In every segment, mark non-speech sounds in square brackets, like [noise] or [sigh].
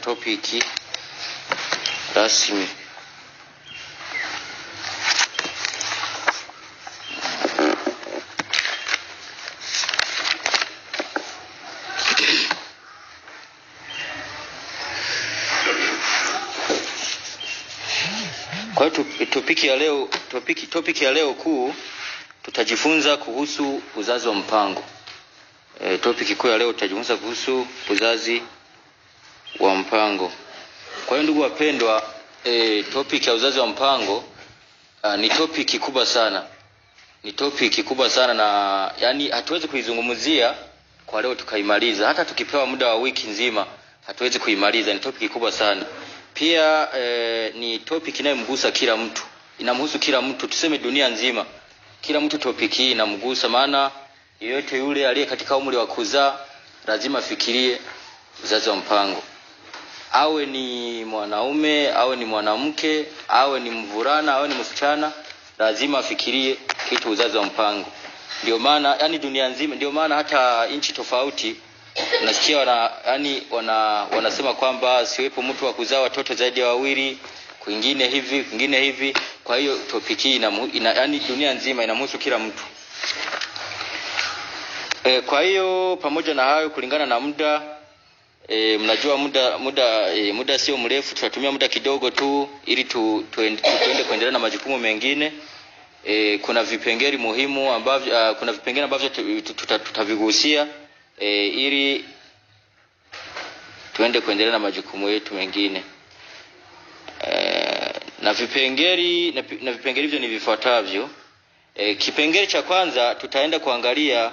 topiki rasmi. Kwa topiki ya leo, topiki, topiki ya leo kuu tutajifunza kuhusu uzazi wa mpango. E, eh, topiki kuu ya leo tutajifunza kuhusu uzazi wa mpango. Kwa hiyo ndugu wapendwa, e, topic ya uzazi wa mpango a, ni topic kubwa sana, ni topic kubwa sana na yani hatuwezi kuizungumzia kwa leo tukaimaliza, hata tukipewa muda wa wiki nzima hatuwezi kuimaliza. Ni topic kubwa sana pia e, ni topic inayomgusa kila mtu, inamhusu kila mtu, tuseme dunia nzima, kila mtu topic hii inamgusa, maana yeyote yule aliye katika umri wa kuzaa lazima afikirie uzazi wa mpango awe ni mwanaume awe ni mwanamke awe ni mvulana awe ni msichana, lazima afikirie kitu uzazi wa mpango. Ndio maana yani dunia nzima, ndio maana hata nchi tofauti nasikia wana, yani wana, wanasema kwamba siwepo mtu wa kuzaa watoto zaidi ya wawili, kwingine hivi kwingine hivi. Kwa hiyo topiki hii ina, ina, yani dunia nzima inamhusu kila mtu e, kwa hiyo pamoja na hayo kulingana na muda E, mnajua muda muda e, muda sio mrefu, tutatumia muda kidogo tu ili tu, tuende, tuende kuendelea na majukumu mengine. E, kuna vipengeli muhimu ambavyo uh, kuna vipengeli ambavyo tutavigusia e, ili tuende kuendelea na majukumu yetu mengine e, na vipengeli na, na hivyo ni vifuatavyo. E, kipengele cha kwanza tutaenda kuangalia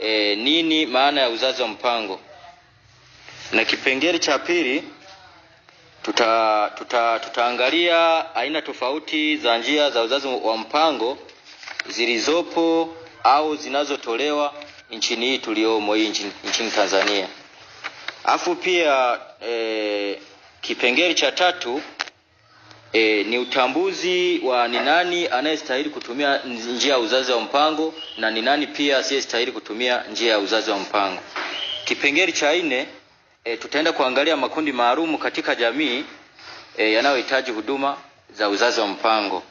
e, nini maana ya uzazi wa mpango na kipengele cha pili tuta, tuta, tutaangalia aina tofauti za njia za uzazi wa mpango zilizopo au zinazotolewa nchini hii tuliomo hii nchini, nchini Tanzania. Afu pia e, kipengele cha tatu e, ni utambuzi wa ni nani anayestahili kutumia njia ya uzazi wa mpango na ni nani pia asiyestahili kutumia njia ya uzazi wa mpango. Kipengele cha nne E, tutaenda kuangalia makundi maalumu katika jamii e, yanayohitaji huduma za uzazi wa mpango,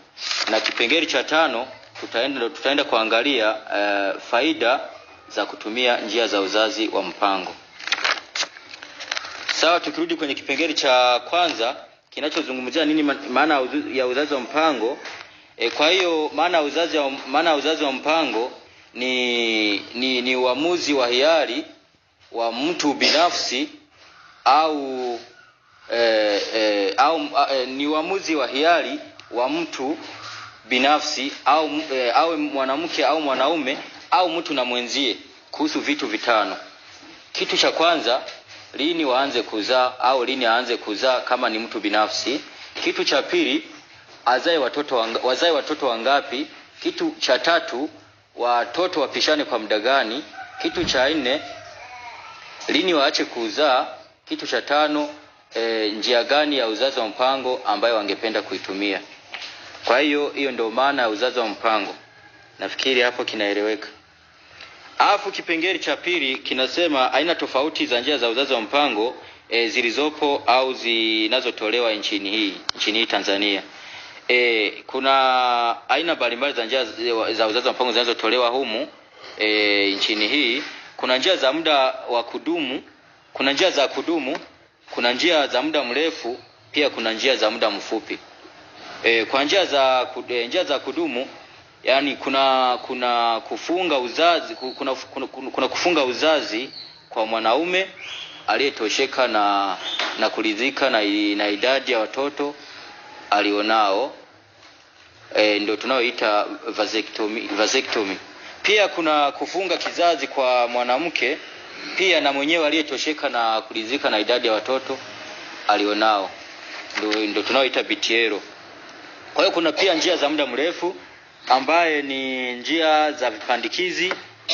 na kipengele cha tano tutaenda, tutaenda kuangalia e, faida za kutumia njia za uzazi wa mpango. Sawa, tukirudi kwenye kipengele cha kwanza kinachozungumzia nini maana ya uzazi wa mpango e, kwa hiyo maana ya uzazi wa, maana uzazi wa mpango ni, ni, ni uamuzi wa hiari wa mtu binafsi au e, e, au e, ni uamuzi wa hiari wa mtu binafsi au e, awe mwanamke au mwanaume au mtu na mwenzie kuhusu vitu vitano. Kitu cha kwanza, lini waanze kuzaa au lini aanze kuzaa kama ni mtu binafsi. Kitu cha pili, azae watoto wanga, wazae watoto wangapi. Kitu cha tatu, watoto wapishane kwa muda gani. Kitu cha nne, lini waache kuzaa kitu cha tano e, njia gani ya uzazi wa mpango ambayo wangependa kuitumia. Kwa hiyo hiyo ndio maana ya uzazi wa mpango, nafikiri hapo kinaeleweka. Alafu kipengele cha pili kinasema aina tofauti za njia za uzazi wa mpango e, zilizopo au zinazotolewa nchini hii nchini hii Tanzania. E, kuna aina mbalimbali za njia za uzazi wa mpango zinazotolewa humu e, nchini hii. Kuna njia za muda wa kudumu kuna njia za kudumu, kuna njia za muda mrefu, pia kuna njia za muda mfupi. E, kwa njia za kude, njia za kudumu yani kuna kuna kufunga uzazi kuna, kuna, kuna kufunga uzazi kwa mwanaume aliyetosheka na na kuridhika na, na idadi ya watoto alionao e, ndio tunaoita vasectomy, vasectomy. Pia kuna kufunga kizazi kwa mwanamke pia na mwenyewe aliyetosheka na kulizika na idadi ya watoto alionao, ndio tunaoita bitiero. Kwa hiyo kuna pia njia za muda mrefu ambaye ni njia za vipandikizi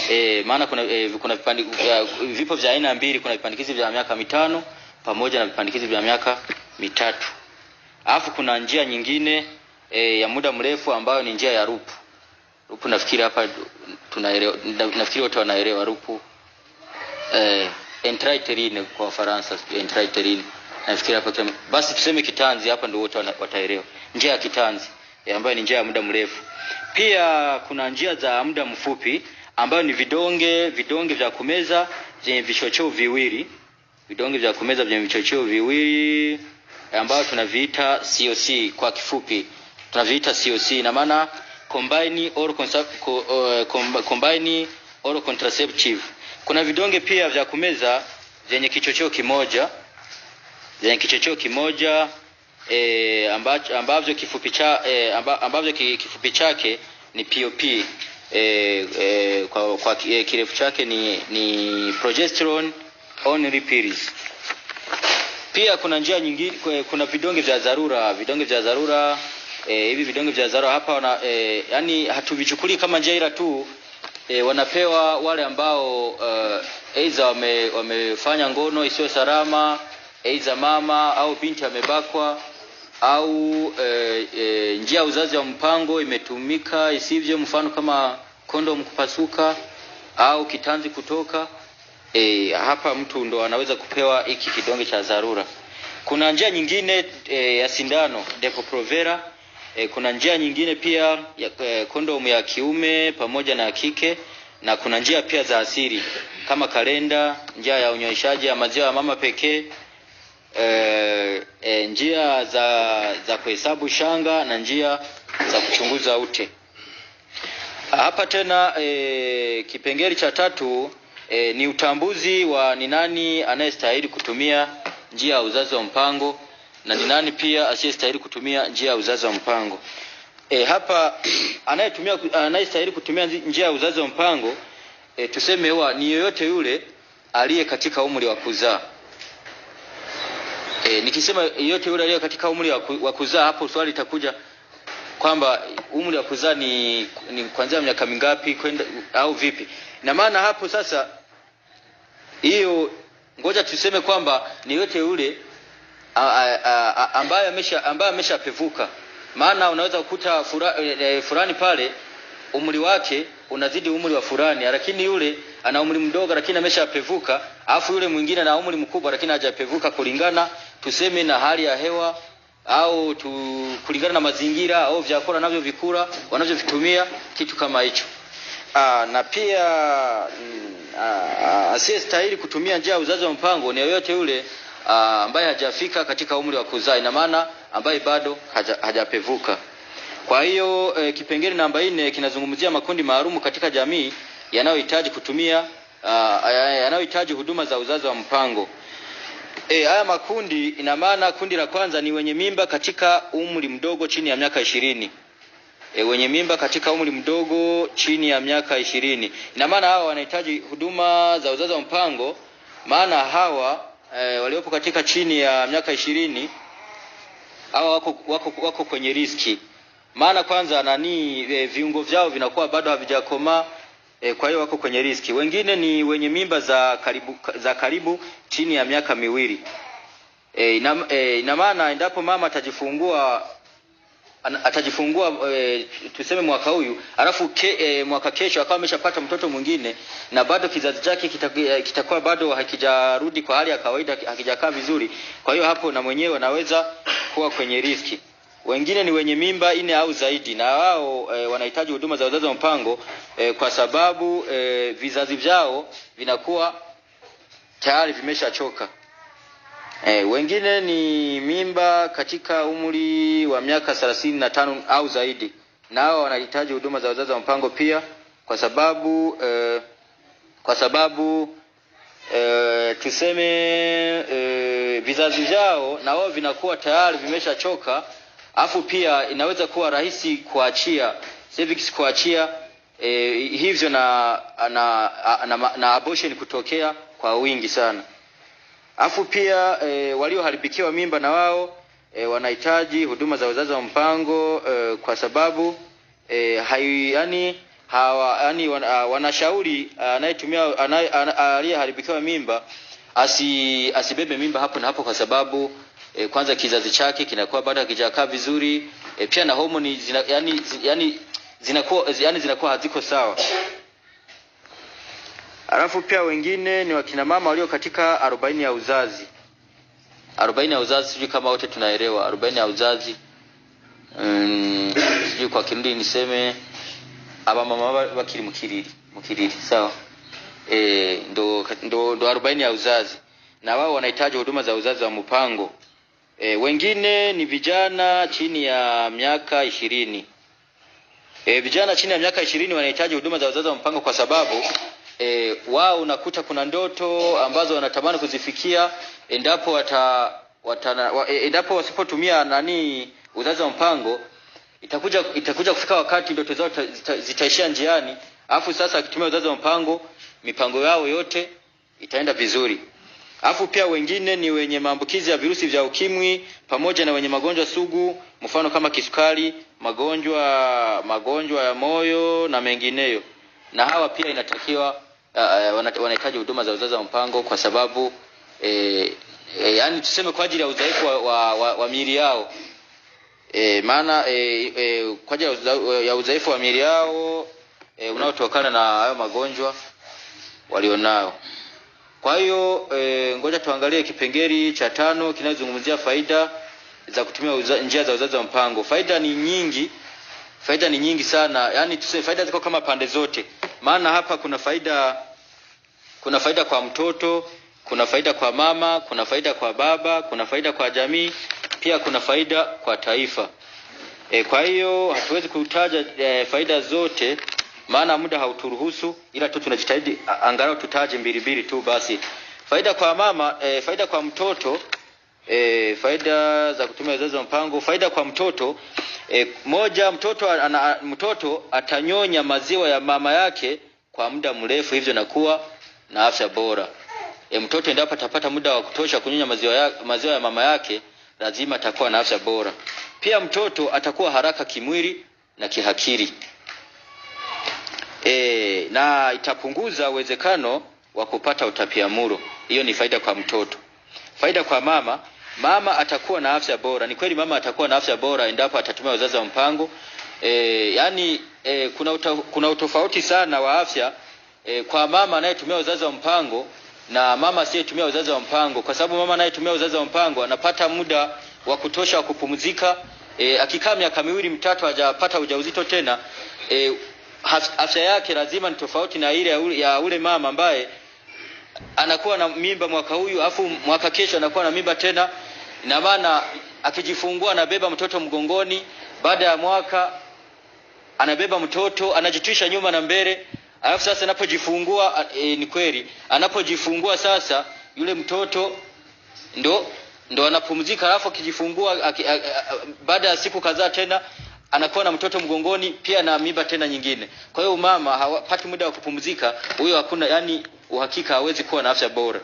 e, maana kuna, e, kuna vipandi, vipo vya aina mbili. Kuna vipandikizi vya miaka mitano pamoja na vipandikizi vya miaka mitatu, alafu kuna njia nyingine e, ya muda mrefu ambayo ni njia ya rupu rupu. Nafikiri hapa tunaelewa, nafikiri wote wanaelewa rupu eh, entraiterine kwa Faransa entraiterine nafikiri hapo kwa basi, tuseme kitanzi hapa ndio wote wataelewa, njia ya kitanzi e, ambayo ni njia ya muda mrefu. Pia kuna njia za muda mfupi ambayo ni vidonge vidonge vya kumeza vyenye vichocheo viwili, vidonge vya kumeza vyenye vichocheo viwili ambayo tunaviita COC kwa kifupi, tunaviita COC, na maana combine oral, eh, combine oral contraceptive kuna vidonge pia vya kumeza vyenye kichocheo kimoja vyenye kichocheo kimoja e, ambacho, ambavyo kifupi cha e, ambavyo kifupi chake ni POP e, e, kwa, kwa e, kirefu chake ni, ni progesterone only pills. Pia kuna njia nyingine, kuna vidonge vya dharura, vidonge vya dharura e, hivi e, vidonge vya dharura hapa wana, e, yani hatuvichukuli kama njia ila tu e, wanapewa wale ambao uh, eh, aidha wame, wamefanya ngono isiyo salama, aidha mama au binti amebakwa au e, e, njia ya uzazi wa mpango imetumika isivyo, mfano kama kondom kupasuka au kitanzi kutoka. E, hapa mtu ndo anaweza kupewa hiki kidonge cha dharura. Kuna njia nyingine e, ya sindano Depo-Provera E, kuna njia nyingine pia ya e, kondomu ya kiume pamoja na kike, na kuna njia pia za asili kama kalenda, njia ya unyonyeshaji ya maziwa ya mama pekee, e, e, njia za, za kuhesabu shanga na njia za kuchunguza ute. Hapa tena e, kipengele cha tatu e, ni utambuzi wa ni nani anayestahili kutumia njia ya uzazi wa mpango na ni nani pia asiyestahili kutumia njia ya uzazi wa mpango. E, hapa [clears throat] anayetumia anayestahili kutumia njia ya uzazi wa mpango e, tuseme huwa ni yoyote yule aliye katika umri wa kuzaa. E, nikisema yoyote yule aliye katika umri wa kuzaa, hapo swali litakuja kwamba umri wa kuzaa ni, ni kuanzia miaka mingapi kwenda au vipi? Na maana hapo sasa, hiyo ngoja tuseme kwamba ni yote yule ambaye amesha ambayo ameshapevuka. Maana unaweza kukuta fura, e, eh, eh, fulani pale umri wake unazidi umri wa fulani, lakini yule ana umri mdogo lakini ameshapevuka, afu yule mwingine ana umri mkubwa lakini hajapevuka, kulingana tuseme na hali ya hewa au tu, kulingana na mazingira au vyakula navyo vikula wanavyovitumia kitu kama hicho. Aa, na pia mm, asiyestahili kutumia njia ya uzazi wa mpango ni yoyote yule Ah, ambaye hajafika katika umri wa kuzaa, ina maana ambaye bado haja, hajapevuka. Kwa hiyo e, kipengele namba nne kinazungumzia makundi maalum katika jamii yanayohitaji kutumia ah, yanayohitaji huduma za uzazi wa mpango. E, haya makundi ina maana kundi la kwanza ni wenye mimba katika umri mdogo chini ya miaka ishirini. E, wenye mimba katika umri mdogo chini ya miaka ishirini, ina maana hawa wanahitaji huduma za uzazi wa mpango, maana hawa e, waliopo katika chini ya miaka ishirini hawa wako, wako, wako kwenye riski, maana kwanza nani e, viungo vyao vinakuwa bado havijakomaa e, kwa hiyo wako kwenye riski. Wengine ni wenye mimba za karibu, za karibu chini ya miaka miwili e, ina e, maana endapo mama atajifungua atajifungua e, tuseme mwaka huyu alafu ke, e, mwaka kesho akawa ameshapata mtoto mwingine na bado kizazi chake eh, kitakuwa kita bado hakijarudi kwa hali ya kawaida, hakijakaa vizuri. Kwa hiyo hapo na mwenyewe anaweza kuwa kwenye riski. Wengine ni wenye mimba ine au zaidi, na wao e, wanahitaji huduma za uzazi wa mpango e, kwa sababu e, vizazi vyao vinakuwa tayari vimeshachoka. E, wengine ni mimba katika umri wa miaka thelathini na tano au zaidi, nao wanahitaji huduma za wazazi wa mpango pia, kwa sababu e, kwa sababu e, tuseme e, vizazi vyao na wao vinakuwa tayari vimeshachoka, afu pia inaweza kuwa rahisi kuachia cervix kuachia e, hivyo na na, na, na, na abortion kutokea kwa wingi sana. Afu pia e, walioharibikiwa mimba na wao e, wanahitaji huduma za uzazi wa mpango e, kwa sababu e, hai, yani, hawa, yani, wanashauri anayetumia aliyeharibikiwa mimba asi, asibebe mimba hapo na hapo kwa sababu e, kwanza kizazi chake kinakuwa bado hakijakaa vizuri e, pia na homoni zina, yani, yani, zinakuwa yani zinakuwa haziko sawa Alafu pia wengine ni wakina mama walio katika 40 ya uzazi, 40 ya uzazi, sijui kama wote tunaelewa 40 ya uzazi mm, sijui kwa Kirundi niseme mama wakili mukiriri mukiriri, sawa So, e, eh ndo, ndo, ndo arobaini ya uzazi, na wao wanahitaji huduma za uzazi wa mpango e, wengine ni vijana chini ya miaka ishirini e, vijana chini ya miaka ishirini wanahitaji huduma za uzazi wa mpango kwa sababu e, wao unakuta kuna ndoto ambazo wanatamani kuzifikia endapo wata, wata, wa, e, endapo wasipotumia nani uzazi wa mpango itakuja itakuja kufika wakati ndoto zao zitaishia njiani, afu sasa akitumia uzazi wa mpango mipango yao yote itaenda vizuri. Afu pia wengine ni wenye maambukizi ya virusi vya ukimwi pamoja na wenye magonjwa sugu, mfano kama kisukari, magonjwa magonjwa ya moyo na mengineyo, na hawa pia inatakiwa Eh, eh, wanahitaji huduma za uzazi wa mpango kwa sababu eh, eh, yani tuseme kwa ajili ya udhaifu wa, wa, wa, wa miili yao e, maana e, e, kwa ajili ya udhaifu wa miili yao e, unaotokana na hayo magonjwa walionao. Kwa hiyo e, ngoja tuangalie kipengeli cha tano kinachozungumzia faida za kutumia uza, njia za uzazi wa mpango. Faida ni nyingi, faida ni nyingi sana, yani tuseme faida ziko kama pande zote maana hapa kuna faida, kuna faida kwa mtoto, kuna faida kwa mama, kuna faida kwa baba, kuna faida kwa jamii, pia kuna faida kwa taifa. E, kwa hiyo hatuwezi kutaja e, faida zote maana muda hauturuhusu, ila tu tunajitahidi angalau tutaje mbili mbili tu basi. Faida kwa mama e, faida kwa mtoto e, faida za kutumia wazazi wa mpango, faida kwa mtoto E, moja mtoto, ana, mtoto atanyonya maziwa ya mama yake kwa muda mrefu hivyo na kuwa na afya bora. E, mtoto endapo atapata muda wa kutosha kunyonya maziwa ya, maziwa ya mama yake lazima atakuwa na afya bora. Pia mtoto atakuwa haraka kimwili na kihakiri. E, na itapunguza uwezekano wa kupata utapiamlo. Hiyo ni faida kwa mtoto. Faida kwa mama, mama atakuwa na afya bora. Ni kweli mama atakuwa na afya bora endapo atatumia uzazi wa mpango e, yani e, kuna, uta, kuna utofauti sana wa afya e, kwa mama anayetumia uzazi wa mpango na mama asiyetumia uzazi wa mpango, kwa sababu mama anayetumia uzazi wa mpango anapata muda wa kutosha wa kupumzika. E, akikaa miaka miwili mitatu hajapata ujauzito tena, e, afya yake lazima ni tofauti na ile ya ule mama ambaye anakuwa na mimba mwaka huyu afu mwaka kesho anakuwa na mimba tena, ina maana akijifungua anabeba mtoto mgongoni, baada ya mwaka anabeba mtoto anajitwisha nyuma na mbele, alafu sasa anapojifungua e, ni kweli anapojifungua sasa yule mtoto ndo ndo anapumzika, alafu akijifungua baada ya siku kadhaa tena anakuwa na mtoto mgongoni pia na mimba tena nyingine. Kwa hiyo mama hapati muda wa kupumzika, huyo hakuna yani uhakika hawezi kuwa na afya bora.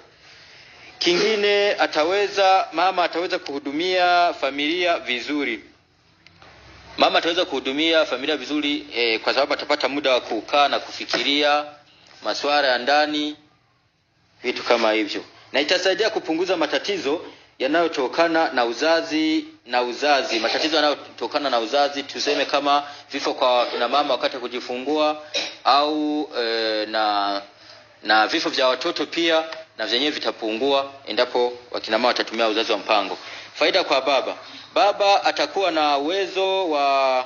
Kingine ataweza mama ataweza kuhudumia familia vizuri. Mama ataweza kuhudumia familia vizuri eh, kwa sababu atapata muda wa kukaa na kufikiria masuala ya ndani, vitu kama hivyo, na itasaidia kupunguza matatizo yanayotokana na uzazi na uzazi, matatizo yanayotokana na uzazi, tuseme kama vifo kwa kina mama wakati wa kujifungua au e, na na vifo vya watoto pia na vyenyewe vitapungua endapo wakina mama watatumia uzazi wa mpango. Faida kwa baba, baba atakuwa na uwezo wa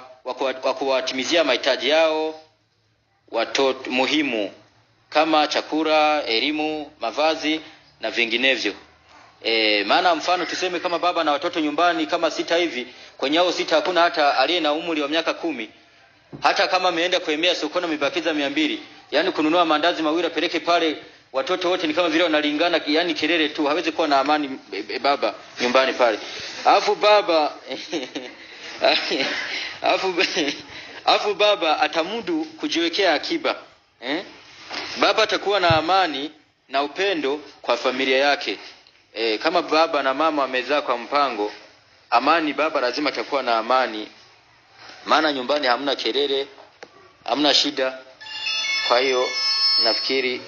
wa kuwatimizia mahitaji yao watoto muhimu kama chakula, elimu, mavazi na vinginevyo. E, maana mfano tuseme kama baba na watoto nyumbani kama sita hivi, kwenye hao sita hakuna hata aliye na umri wa miaka kumi. Hata kama ameenda kuemea sokoni amebakiza mia mbili, yaani kununua mandazi mawili apeleke pale, watoto wote ni kama vile wanalingana, yaani kelele tu, hawezi kuwa na amani e, e, baba nyumbani pale. Alafu baba [laughs] alafu alafu baba atamudu kujiwekea akiba eh? Baba atakuwa na amani na upendo kwa familia yake. E, kama baba na mama wamezaa kwa mpango amani, baba lazima atakuwa na amani, maana nyumbani hamna kelele, hamna shida. Kwa hiyo nafikiri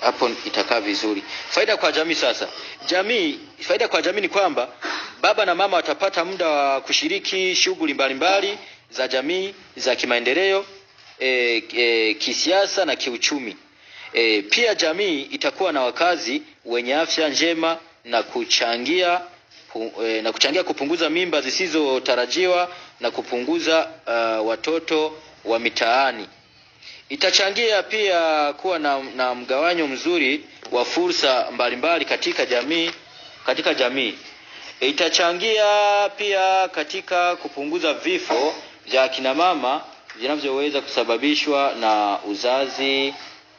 hapo itakaa vizuri. Faida kwa jamii sasa, jamii, faida kwa jamii ni kwamba baba na mama watapata muda wa kushiriki shughuli mbalimbali za jamii za kimaendeleo, e, e, kisiasa na kiuchumi. E, pia jamii itakuwa na wakazi wenye afya njema na kuchangia e, na kuchangia kupunguza mimba zisizotarajiwa na kupunguza uh, watoto wa mitaani. Itachangia pia kuwa na, na mgawanyo mzuri wa fursa mbalimbali katika jamii katika jamii. E, itachangia pia katika kupunguza vifo vya akina mama vinavyoweza kusababishwa na uzazi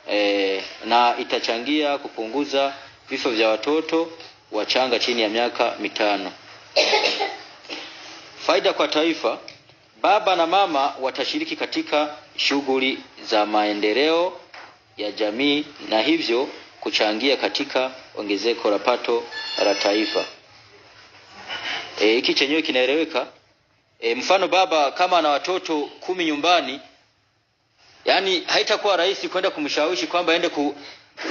e, na itachangia kupunguza vifo vya watoto wachanga chini ya miaka mitano. Faida kwa taifa, baba na mama watashiriki katika shughuli za maendeleo ya jamii na hivyo kuchangia katika ongezeko la pato la taifa. Eh, hiki e, chenyewe kinaeleweka. E, mfano baba kama ana watoto kumi nyumbani yani haitakuwa rahisi kwenda kumshawishi kwamba aende ku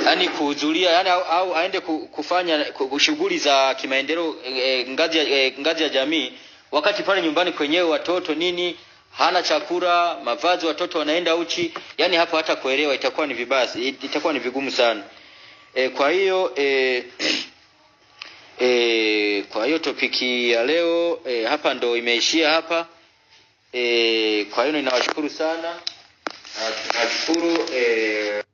yani kuhudhuria yani au, au aende kufanya shughuli za kimaendeleo e, ngazi, e, ngazi ya jamii wakati pale nyumbani kwenyewe watoto nini hana chakula, mavazi, watoto wanaenda uchi, yani hapo hata kuelewa itakuwa ni vibasi itakuwa ni vigumu sana e, kwa hiyo e, [clears throat] e, kwa hiyo topiki ya leo e, hapa ndo imeishia hapa e, kwa hiyo ninawashukuru sana. puro eh,